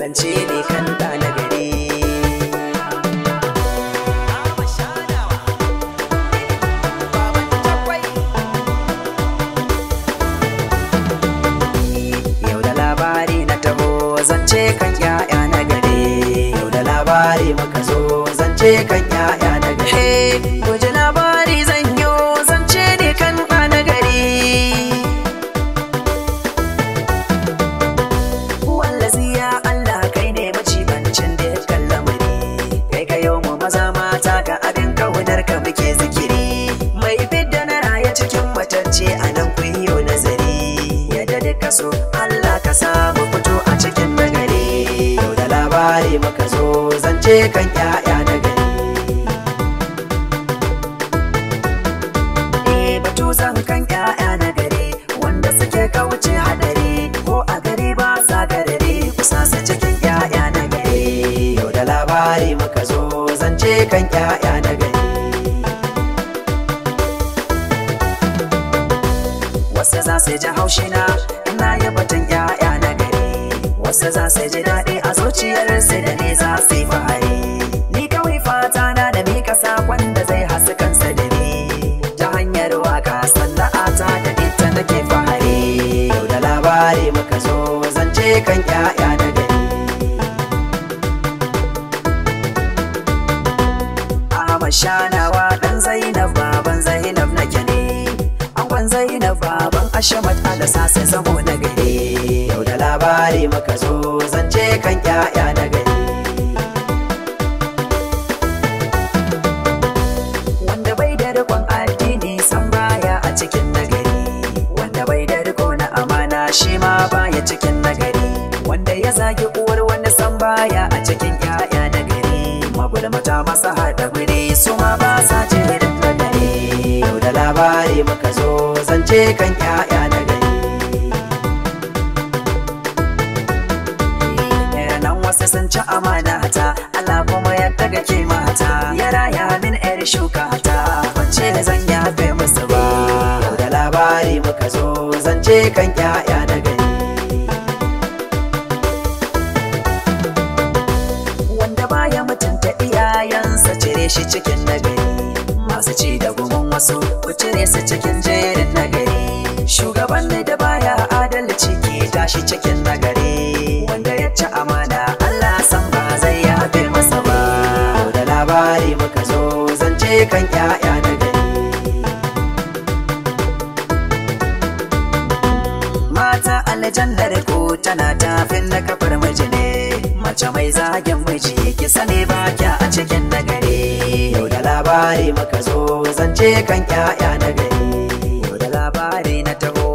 zance ne kan ɗa na gari yau da labari na taho zance kan 'ya'ya na gari yau da labari makazo zo zance kan 'ya'ya a nan yi nazari yadda duka so Allah ka samu fito a cikin nagari yau da labari muka zo zance kan ƴaƴa na gari e, batu zan kan 'ya'ya na gari wanda suke kauce hadari ko a gari ba sa gadari kusa su cikin 'ya'ya na gari yau da labari muka zo zance kan ƴaƴa na gari su ji haushina ina yi batun ya'ya na gari wasu za su ji daɗi a su da ne za su yi fahari ni kawai fata na da mika sakon da zai hasu kansa da ta hanyar waka ta da ita nake fahari yau da labari muka zo zance kan ya'ya na gari Shanawa ɗan Zainab baban Zainab nake ne, kwan Zainab baban Ashamat Alasa sai zamo na gari yau da labari makazo zo zance kan 'ya'ya na gari wanda bai da rikon addini san baya a cikin nagari wanda bai da riko na amana shi ma baya cikin bari muka zo zance kan 'ya'ya na gari eh, nan wasu sun ci amana ta Allah kuma ya daga ke mata ya raya min 'yar shuka ta wacce da zan yafe musu ba da labari muka zo zance kan 'ya'ya na gari wanda baya mutunta iyayensa cire shi cikin nagari masu ci da gun so ku cire su cikin jerin nagari shugaban ne da baya adalci ke tashi cikin nagari wanda ya ci amana Allah san ba zai yafe masa ba da labari muka zo je kan 'ya'ya na gari mata aljannar ko tana tafin na kafar miji mace mai zagin miji ki sane ba kya a cikin nagari labari maka zo zance kan 'ya'ya na gari. Yau da labari na taho